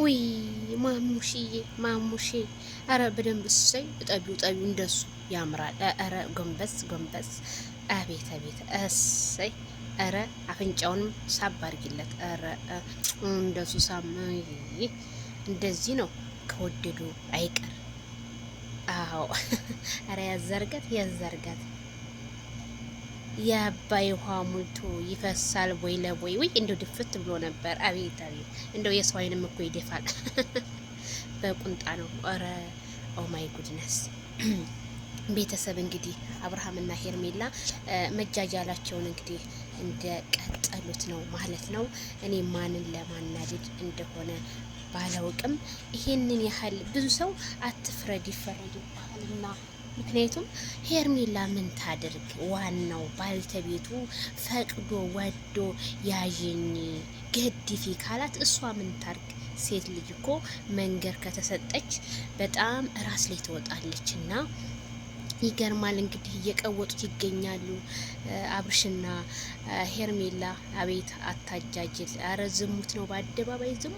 ውይ ማሙሽዬ ማሙሽ፣ ኧረ በደንብ እሰይ። ጠቢው ጠቢው እንደሱ ያምራል። ኧረ ጎንበስ ጎንበስ፣ አቤት አቤት፣ እሰይ። ኧረ አፍንጫውንም ሳብ አድርጊለት። ኧረ እንደሱ ሳም። እንደዚህ ነው ከወደዱ አይቀር። አዎ፣ ኧረ ያዘርጋት ያዘርጋት። የአባይ ውሃ ሙልቶ ይፈሳል ወይ ለቦይ ወይ እንደው ድፍት ብሎ ነበር። አቤት አቤት! እንደው የሰው አይንም እኮ ይደፋል በቁንጣ ነው። ኧረ ኦማይ ጉድነስ ቤተሰብ እንግዲህ አብርሃምና ሄርሜላ መጃጃላቸውን እንግዲህ እንደቀጠሉት ነው ማለት ነው። እኔ ማንን ለማናደድ እንደሆነ ባላውቅም ይሄንን ያህል ብዙ ሰው አትፍረድ ይፈረድ ይባልና ምክንያቱም ሄርሜላ ምን ታድርግ፣ ዋናው ባልተቤቱ ፈቅዶ ወዶ ያዥኝ ገድፊ ካላት እሷ ምን ታርግ? ሴት ልጅ እኮ መንገድ ከተሰጠች በጣም ራስ ላይ ትወጣለች እና ይገርማል እንግዲህ እየቀወጡት ይገኛሉ። አብርሽና ሄርሜላ አቤት አታጃጅል! አረ ዝሙት ነው በአደባባይ ዝሙት